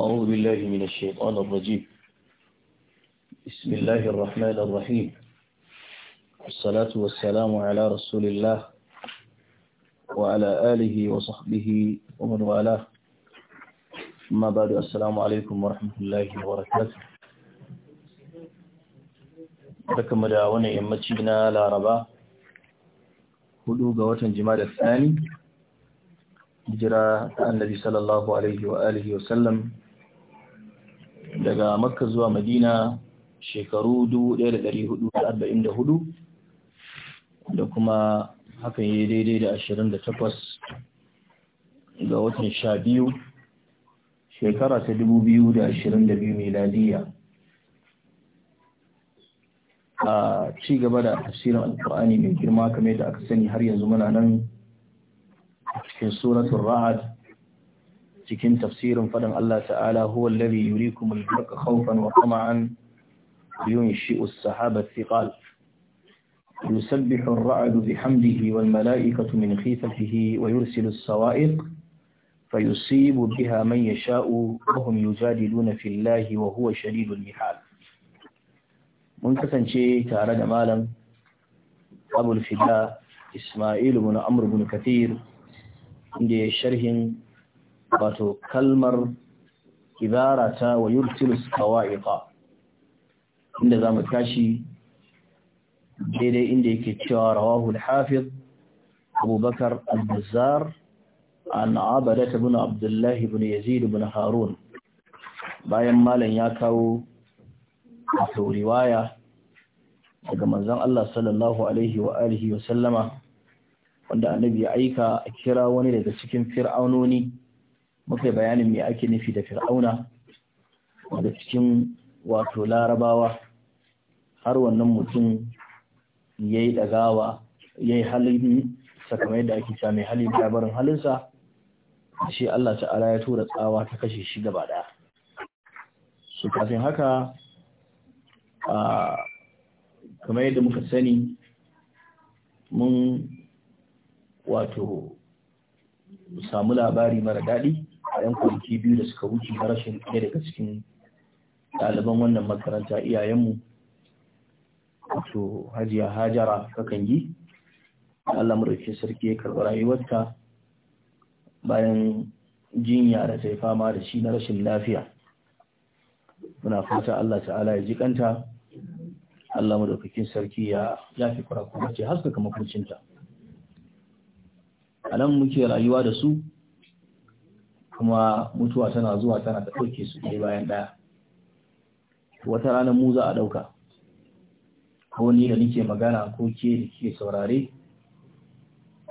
أعوذ بالله من الشيطان الرجيم بسم الله الرحمن الرحيم والصلاة والسلام على رسول الله وعلى آله وصحبه ومن والاه ما بعد السلام عليكم ورحمة الله وبركاته barkamu da wani yammaci na laraba hudu ga watan jima'a da tsani hijira ta annabi sallallahu alaihi wa alihi wa sallam daga makka zuwa madina shekaru 1444 da kuma hakan yi daidai da 28 ga watan 12 shekara ta 2022 miladiya a ci gaba da tafsirin alkur'ani mai girma kamar da aka sani har yanzu muna nan cikin suratun ra'ad cikin tafsirin fadan Allah ta'ala huwa alladhi yurikum al-barqa khawfan wa tama'an yunshi'u as-sahaba thiqal yusabbihu ar-ra'du bihamdihi wal mala'ikatu min khifatihi wa yursilu as-sawa'iq فيصيب بها من يشاء وهم يجادلون في الله وهو شديد المحال mun kasance tare da malam abul fida ismail bin amr bin kathir inda ya sharhin wato kalmar ibara ta wa yurtilus kawa'iqa inda zamu tashi daidai inda yake cewa rawahu al-hafiz Abu Bakar al-Bazzar an Abadah ibn Abdullah ibn Yazid ibn Harun bayan malam ya kawo wato riwaya daga manzon Allah sallallahu alaihi wa alihi wa sallama wanda annabi ya aika a kira wani daga cikin fir'aunoni muka bayanin me ake nufi da fir'auna da cikin wato larabawa har wannan mutum ya yi ɗagawa ya yi halin sakamai da ake cewa mai halin barin halinsa shi Allah ta'ala ya tura tsawa ta kashe shi gaba ɗaya su kafin haka a kamar yadda muka sani mun wato samu labari mara daɗi a yan kwanaki biyu da suka wuce na rashin ɗaya daga cikin ɗaliban wannan makaranta iyayenmu wato hajiya hajara kakan yi Allah murake sarki ya karɓi rayuwarta bayan jinya da ta fama da shi na rashin lafiya muna fata Allah ta'ala ya ji kanta Allah madaukakin sarki ya yafi kurakurace haskaka makuncinta a nan muke rayuwa da su kuma mutuwa tana zuwa tana ta ɗauke su ɗaya bayan ɗaya wata ranar mu za a ɗauka ko ni da nike magana ko ke da ke saurare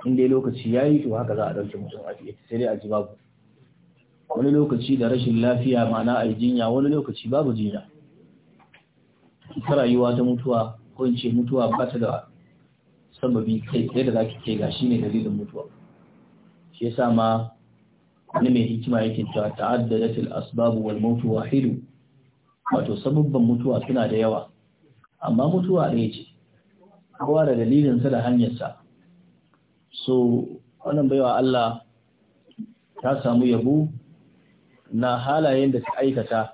in dai lokaci ya yi to haka za a ɗauke mutum a fiye sai dai a ji babu wani lokaci da rashin lafiya ma'ana a yi jinya wani lokaci babu jinya ita rayuwa ta mutuwa ko in ce mutuwa ba ta da sababi kai da za ki ke ga shi ne dalilin mutuwa shi yasa ma wani mai hikima yake cewa til asbabu wal mautu wahidu wato sababban mutuwa suna da yawa amma mutuwa ɗaya ce kowa da sa da hanyarsa so wannan baiwa Allah ta samu yabo na halayen da ta aikata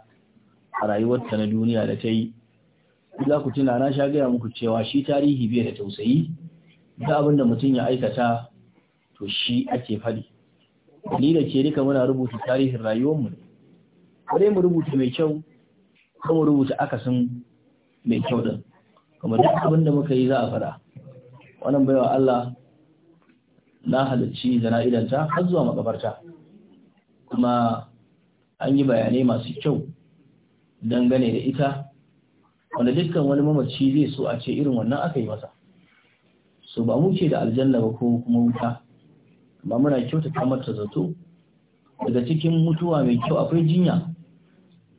a rayuwarta na duniya da ta yi za ku tuna na sha gaya muku cewa shi tarihi bai da tausayi da abinda da mutum ya aikata to shi ake faɗi ni da ke duka muna rubuta tarihin rayuwarmu ne mu rubuta mai kyau ko mu rubuta akasin mai kyau din kuma duk abin da muka yi za a fara wannan baiwa Allah na halarci jana'idanta har zuwa makabarta kuma an yi bayanai masu kyau dangane da ita wanda dukkan wani mamaci zai so a ce irin wannan aka yi masa so ba muke da aljanna ba ko kuma wuta amma muna kyautata mata zato daga cikin mutuwa mai kyau akwai jinya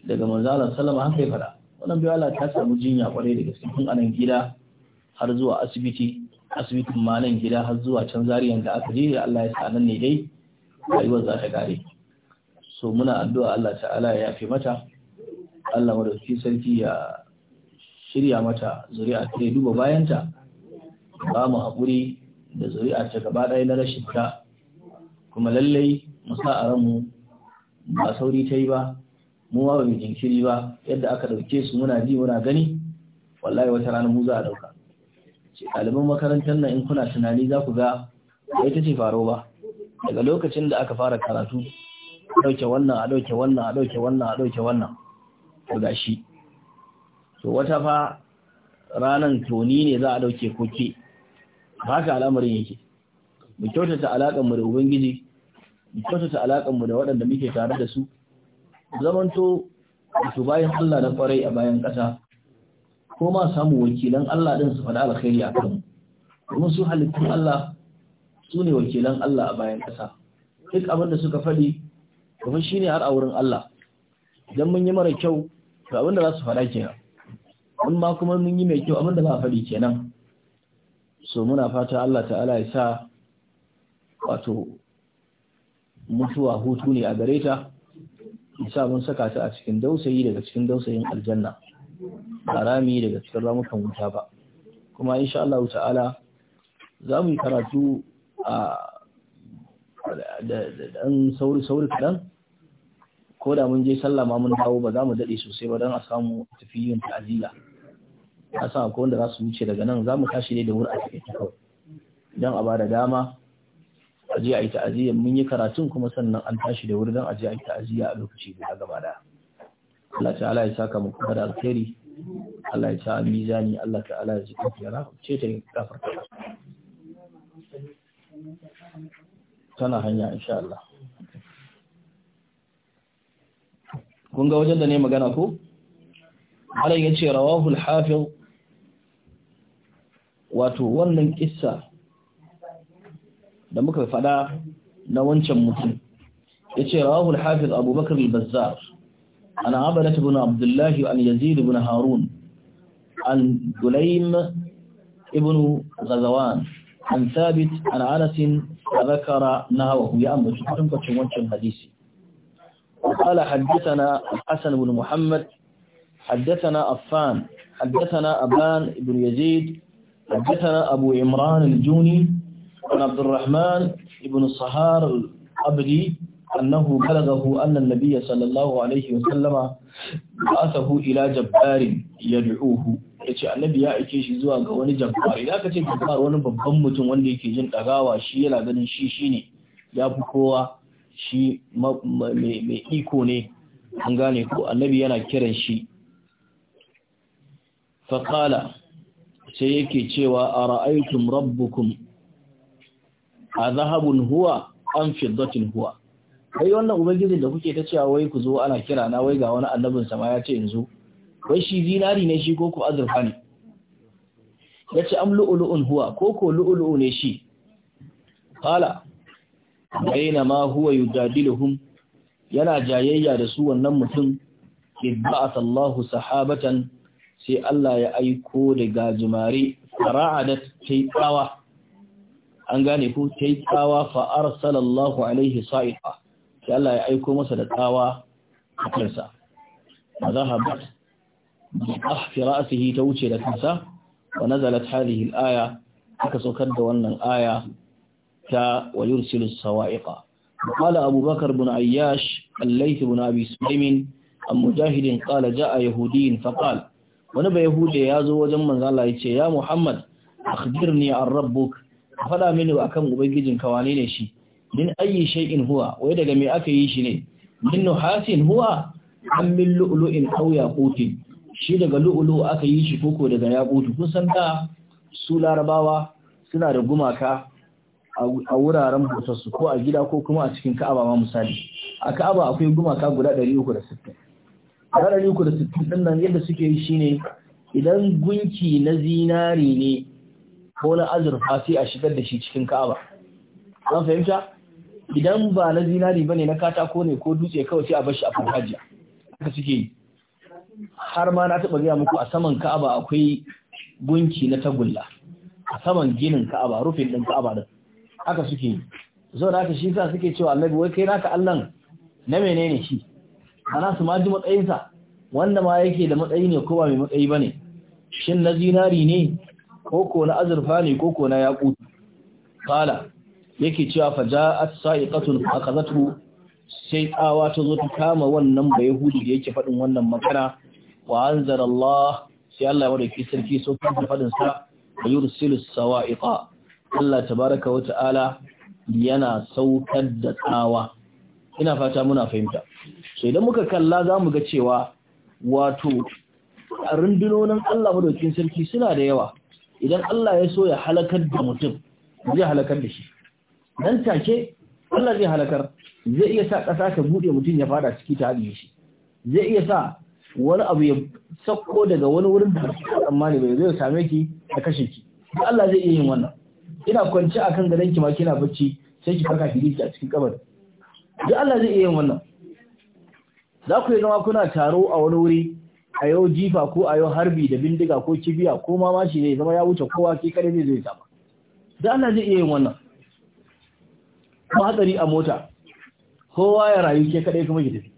daga manzala salama haka ya fada wannan ala ta samu jinya kwarai daga cikin anan gida har zuwa asibiti asibitin ma gida har zuwa can zariyan da aka je Allah ya sa nan ne dai rayuwar za ta gare so muna addu'a Allah ta'ala ya yafe mata Allah madauki sarki ya shirya mata zuri'a ta duba bayanta ba mu haƙuri da zuri'a ta gaba ɗaya na rashin ta kuma lallai mu sa a ranmu ba sauri ta yi ba mu ma ba jinkiri ba yadda aka ɗauke su muna ji muna gani wallahi wata ranar mu za a ɗauka ce ɗaliban makarantar nan in kuna tunani za ku ga ya ita ce faro ba daga lokacin da aka fara karatu ɗauke wannan a ɗauke wannan a ɗauke wannan a ɗauke wannan to ga shi to wata fa ranan toni ne za a ɗauke koke ba haka al'amarin yake mu kyautata alaƙar mu da ubangiji mu kyautata alaƙar mu da waɗanda muke tare da su zamanto su bayan Allah na kwarai a bayan ƙasa ko ma samu wakilan Allah din su faɗa alkhairi a kanmu Kuma su halittun Allah su ne wakilan Allah a bayan ƙasa duk abin da suka faɗi kuma shine har a wurin Allah idan mun yi mara kyau to abin da za su faɗa kenan mun ma kuma mun yi mai kyau abin da za a faɗi kenan so muna fata Allah ta'ala ya sa wato mutuwa hutu ne a gare ta isa mun saka ta a cikin dausayi daga cikin dausayin aljanna harami daga cikin ramukan wuta ba kuma insha Allah ta'ala za mu yi karatu a da ɗan sauri-sauri kaɗan ko da mun je sallah ma mun dawo ba za mu daɗe sosai ba don a samu tafi yin ta'azila a sa akwai wanda za su wuce daga nan za mu tashi ne da wuri a cikin kawai don a ba da dama a je a yi ta'aziyya mun yi karatun kuma sannan an tashi da wuri don a je a yi ta'aziyya a lokaci guda gaba da Allah ala ya saka mu kuma da alkhairi Allah ya sa mizani Allah ta'ala ya zika fiyara ce ta kafar tana hanya insha Allah kun ga wajen da ne magana ko Allah ya ce rawahu al-hafiz wato wannan kissa da muka fada na wancan mutum yace rawahu al-hafiz Abu Bakr al-Bazzar an abana ibn Abdullah an Yazid ibn Harun an Gulaym ibn Ghazwan an Thabit an Anas ذكر نهوه يأمر شكرا كتشمونش الحديث قال حدثنا الحسن بن محمد حدثنا أفان حدثنا أبان بن يزيد حدثنا أبو عمران الجوني عن عبد الرحمن بن صهار العبدي أنه بلغه أن النبي صلى الله عليه وسلم بعثه إلى جبار يدعوه yace annabi ya aike shi zuwa ga wani jabbar idan kace ce jabbar wani babban mutum wanda yake jin dagawa shi yana ganin shi shine ya fi kowa shi mai iko ne an gane ko annabi yana kiran shi faqala sai yake cewa ara'aytum rabbukum a zahabun huwa an fiddatin huwa kai wannan ubangijin da kuke ta cewa wai ku zo ana kira na wai ga wani annabin sama ya ce yanzu wai shi zinari ne shi ko ku azurfa ne ya ce am lu'ulu'un huwa ko ko lu'ulu'u ne shi kala baina ma huwa yujadiluhum yana jayayya da su wannan mutum ibba'at Allahu sahabatan sai Allah ya aiko da gajimare fara'adat tsawa. an gane ko ta fa’ar salallahu alaihi sa’ifa, shi Allah ya aiko masa da tsawa a kansa, a zahabat, a fira a sihi ta wuce da kansa, wa nazalat halihi al’aya, aka saukar da wannan aya ta wa yursilu sawa’iƙa. Kala Abubakar bin Ayyash, Allaihi bin Abi Sulaimin, a mujahidin kala a Yahudiyin faƙal, wani ba Yahudiya ya zo wajen manzala ya ce, Ya Muhammad, akhbirni an rabbuk, faɗa mini akan ubangijin ka wane ne shi min ayi shay'in huwa wai daga me aka yi shi ne min nuhasin huwa an min lu'lu'in aw yaqutin shi daga lu'lu'u aka yi shi koko daga yaqutu kun san da su larabawa suna da gumaka a wuraren bautarsu ko a gida ko kuma a cikin ka'aba ma misali a ka'aba akwai gumaka guda 360 da 360 ɗin nan yadda suke yi ne idan gunki na zinari ne ko na azurfa sai a shigar da shi cikin ka'aba an fahimta idan ba na zinari bane na katako ne ko dutse kawai sai a bar shi a farfajiya haka suke yi har ma na taɓa gaya muku a saman ka'aba akwai gunki na tagulla a saman ginin ka'aba rufin ɗin ka'aba din haka suke yi zo da haka shi sa suke cewa annabi wai kai naka allan na menene shi ana su ma ji matsayinsa wanda ma yake da matsayi ne ko ba mai matsayi bane shin na zinari ne koko na azurfa ne koko na yaqut qala yake cewa fa ja'at sa'iqatun akhazatu sai ƙawa ta zo ta kama wannan bayahudi da yake faɗin wannan makara wa anzara Allah sai Allah ya wadaki sarki so kan faɗin sa yursilu sawa'iqa Allah tabaraka wa ta'ala yana saukar da tsawa ina fata muna fahimta so idan muka kalla zamu ga cewa wato rundunonin Allah madaukin sarki suna da yawa idan Allah ya so ya halakar da mutum zai halakar da shi nan take Allah zai halakar zai iya sa ƙasa ta buɗe mutum ya fada ciki ta haɗe shi zai iya sa wani abu ya sako daga wani wurin da tsammani bai zai same ki da kashe ki duk Allah zai iya yin wannan ina kwance akan gadon ki ma kina bacci sai ki farka ki a cikin kabari duk Allah zai iya yin wannan za ku yi zama kuna taro a wani wuri a yau jifa ko a yau harbi da bindiga ko kibiya ko ma shi zai zama ya wuce kowa ke kare zai zai zama da Allah zai iya yin wannan Kuma hatsari a mota kowa ya rayu ke kaɗai kuma ki tafi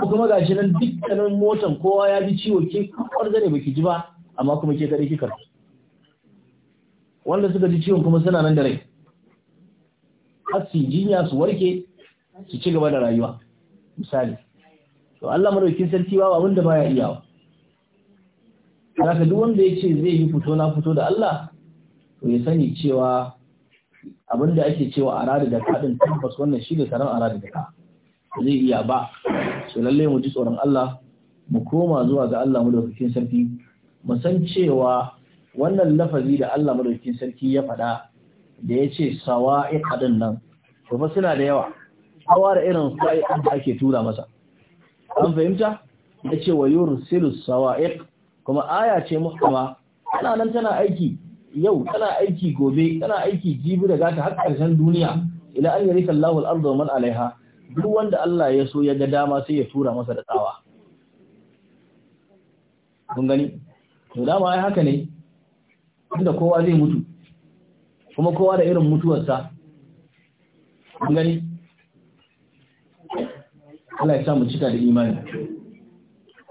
ko kuma ga shi nan dukkanin motan kowa ya ji ciwo ke kwar ba baki ji ba amma kuma ke kadai kika wanda suka ji ciwon kuma suna nan da rai har su jinya su warke su ci gaba da rayuwa misali to Allah madaukin sarki ba abin da baya iyawa zaka duk wanda ya ce zai yi fito na fito da Allah to ya sani cewa abin ake cewa a da kadin tabbas wannan shi ne karan a da ka zai iya ba so lallai mu ji tsoron Allah mu koma zuwa ga Allah madaukakin sarki mu san cewa wannan lafazi da Allah madaukin sarki ya faɗa da ya ce kadin nan to suna da yawa sawa da irin sai da ake tura masa an fahimta ya ce wa yursilu sawa'iq kuma aya ce muhkama tana nan tana aiki yau tana aiki gobe tana aiki jibi da gata har karshen duniya ila an yarika Allahu al-ardu alaiha duk wanda Allah ya so ya ga dama sai ya tura masa da tsawa kun gani to dama ai haka ne inda kowa zai mutu kuma kowa da irin mutuwarsa kun gani Allah ya sa mu cika da imani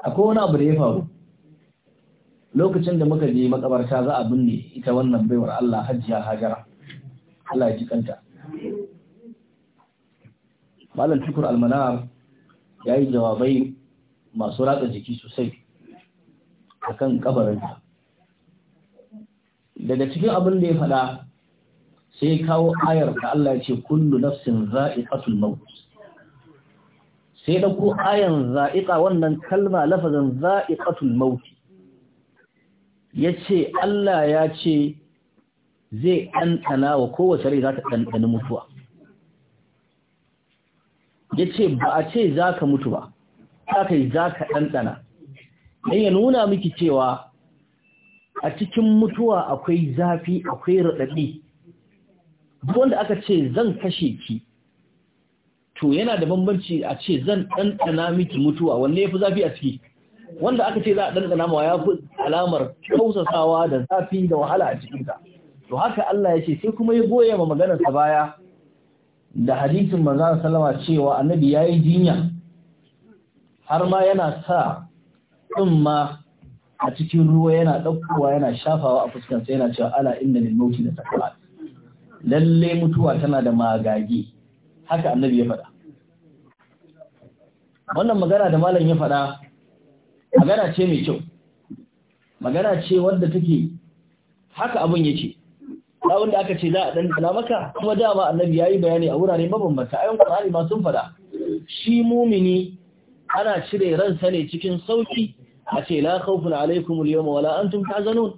akwai wani abu da ya faru lokacin da muka je makabarta za a binne ita wannan baiwar Allah hajjiya hajara Allah ya ji kanta malam tukur almanar ya yi jawabai masu ratsa jiki sosai a kan kabarinta daga cikin abin da ya faɗa sai kawo ayar da Allah ya ce kullu nafsin za'iqatul maut sai da ɗauko ayan za'iƙa wannan kalma lafazin za'iƙatul mauti ya ce Allah ya ce zai ɗanɗana wa kowace rai za ta ɗanɗani mutuwa ya ce ba a ce za ka mutu ba za ka za ka ɗanɗana ɗan ya nuna miki cewa a cikin mutuwa akwai zafi akwai raɗaɗi wanda aka ce zan kashe ki to yana da bambanci a ce zan ɗanɗana miki mutuwa wanda ya fi zafi a ciki wanda aka ce za a ɗanɗana ma ya fi alamar kausasawa da zafi da wahala a cikinta to haka Allah ya ce sai kuma ya goya ma maganarsa baya da hadisin manzon sallama cewa annabi yayi jinya har ma yana sa tsumma a cikin ruwa yana ɗaukowa yana shafawa a fuskarsa yana cewa ala inda lil mauti la sakarat lalle mutuwa tana da magage haka annabi ya faɗa wannan magana da malam ya faɗa magana ce mai kyau magana ce wadda take haka abin yake abin da aka ce za a dan kula maka kuma dama annabi yayi bayani a wurare mabambanta ayon qur'ani ma sun faɗa shi mumini ana cire ransa ne cikin sauki a ce la khawfun alaikum al-yawma wala antum tahzanun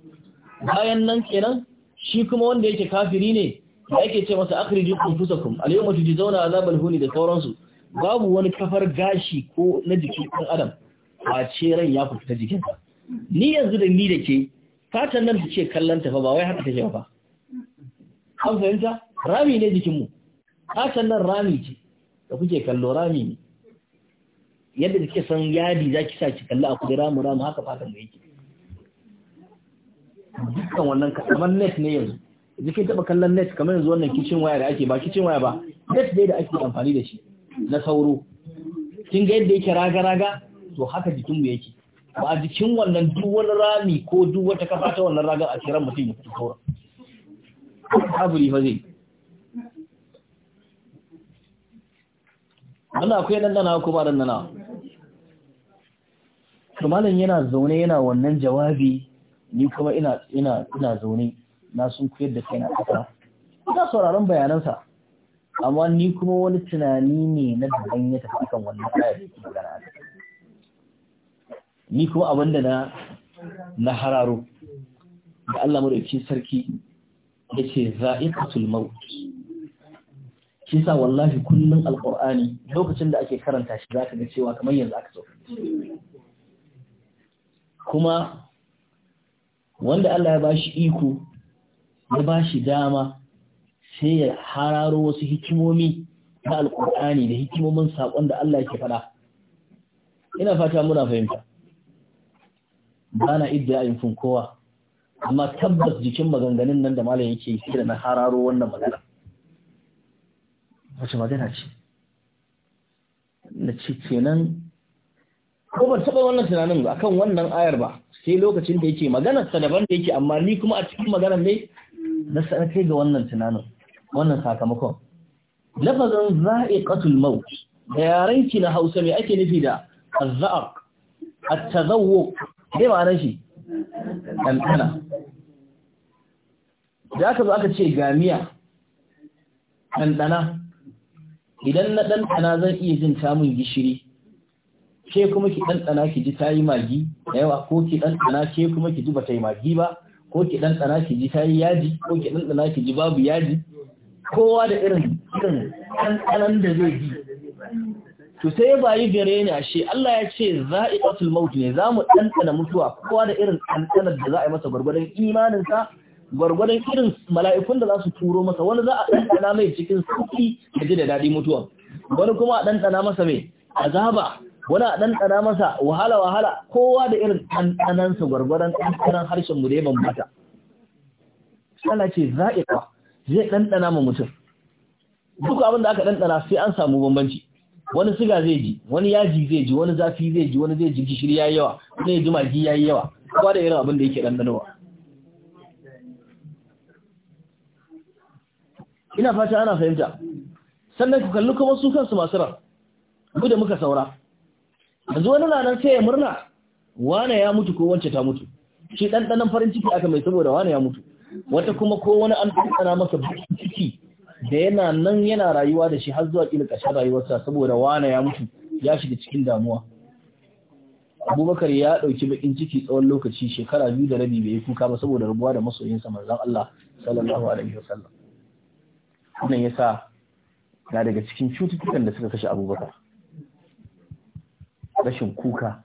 bayan nan kenan shi kuma wanda yake kafiri ne da yake ce masa akhrijukum fusakum al-yawma tujzauna azabal huni da sauransu babu wani kafar gashi ko na jikin ɗan adam a ce ran ya fita jikinsa ni yanzu da ni da ke fatan nan su ce kallon tafa ba wai haka take ba an fahimta rami ne jikinmu fatan nan rami ce da kuke kallo rami ne yadda kike san yadi za ki sa ki kalli a kudi ramu ramu haka fatan mu yake dukkan wannan kamar net ne yanzu jikin taɓa kallon net kamar yanzu wannan kicin waya da ake ba kicin waya ba net dai da ake amfani da shi na sauro kin ga yadda yake raga-raga to haka jikinmu yake ba a jikin wannan duk wani rami ko duk wata kafa ta wannan raga a kiran mutum ya fito saura kaburi fa zai Allah akwai dandana ko ba nan to malam yana zaune yana wannan jawabi ni kuma ina ina ina zaune na sun koyar da kaina kasa ina sauraron bayanansa amma ni kuma wani tunani ne na daban ya tafi kan wannan ayar da gana ta. ni kuma abinda na na hararo da Allah madaukakin sarki yace za'iqatul maut shi sa wallahi kullun alqur'ani lokacin da ake karanta shi zaka ga cewa kamar yanzu aka so kuma wanda Allah ya bashi iko ya bashi dama sai ya hararo wasu hikimomi ta alkur'ani da hikimomin saƙon da Allah ke faɗa ina fata muna fahimta ba na idda yin kowa amma tabbas jikin maganganun nan da malam yake yi da na hararo wannan magana wace magana ce na ce kenan ko ban taɓa wannan tunanin ba kan wannan ayar ba sai lokacin da yake maganar daban da yake amma ni kuma a cikin maganar ne na kai ga wannan tunanin wannan sakamakon lafazin za'iqatul maut da yarenki na Hausa me ake nufi da azzaq at-tazawwuq dai ma shi tantana da aka zo aka ce gamiya ɗanɗana idan na ɗanɗana zan iya jin samun gishiri ke kuma ki ɗanɗana ki ji ta yi magi da yawa ko ki ɗanɗana ke kuma ki ji ba ta yi magi ba ko ki ɗanɗana ki ji ta yaji ko ki ɗanɗana ki ji babu yaji kowa da irin irin da zai bi, to sai ya bayi gare ni ashe Allah ya ce za'iqatul maut ne za mu ɗanɗana mutuwa kowa da irin ɗanɗanar da za a yi masa gwargwadon imaninsa gwargwadon irin mala'ikun da za su turo masa wani za a ɗanɗana mai cikin sauki da ji da daɗi mutuwa wani kuma a ɗanɗana masa mai azaba wani a ɗanɗana masa wahala wahala kowa da irin sa gwargwadon ɗanɗanan harshen mu da ya bambata Allah ce za'iqa zai ɗanɗana ma mutum duk abin da aka ɗanɗana sai an samu bambanci wani siga zai ji wani yaji zai ji wani zafi zai ji wani zai ji gishiri yayi yawa wani ya ji magi yayi yawa kowa da irin abin da yake ɗanɗanowa ina fata ana fahimta sannan ku kalli kuma su kansu masu ran mu da muka saura yanzu wani na nan sai ya murna wane ya mutu ko wance ta mutu shi ɗanɗanan farin ciki aka mai saboda wane ya mutu wata kuma ko wani an tsana masa ciki da yana nan yana rayuwa da shi har zuwa kila ƙarshen rayuwarsa saboda wana ya mutu ya shiga cikin damuwa Abubakar ya ɗauki bakin ciki tsawon lokaci shekara biyu da rabi bai kuka ba saboda rabuwa da masoyinsa manzon Allah sallallahu alaihi wasallam wannan yasa na daga cikin cututtukan da suka kashe Abubakar rashin kuka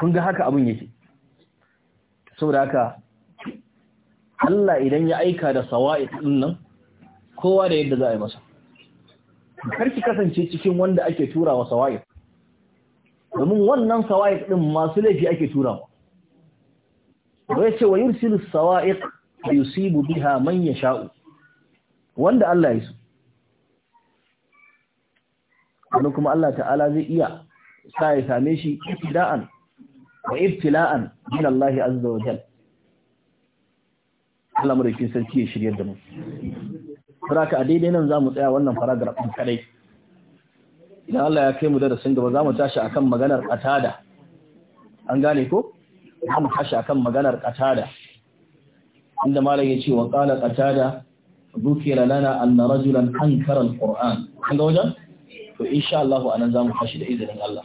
kun ga haka abin yake saboda haka Allah idan ya aika da sawa'i din nan kowa da yadda za a yi masa karki kasance cikin wanda ake turawa sawa'i domin wannan sawa'i din masu laifi ake turawa bai ce wa yursilu sawa'i yusibu biha man yasha'u wanda Allah ya yi wani kuma Allah ta'ala zai iya sa ya same shi da'an? wa ibtila'an min Allah azza wa jal Allah madaukin sarki ya shirya da mu saboda a daidai nan zamu tsaya wannan paragraph ɗin kadai idan Allah ya kai mu darasin gaba zamu tashi akan maganar ƙatada. an gane ko mu tashi akan maganar ƙatada. inda malam ya wa qala qatada dhukira lana anna rajulan ankara alquran an ga wajen to insha Allah anan zamu tashi da izinin Allah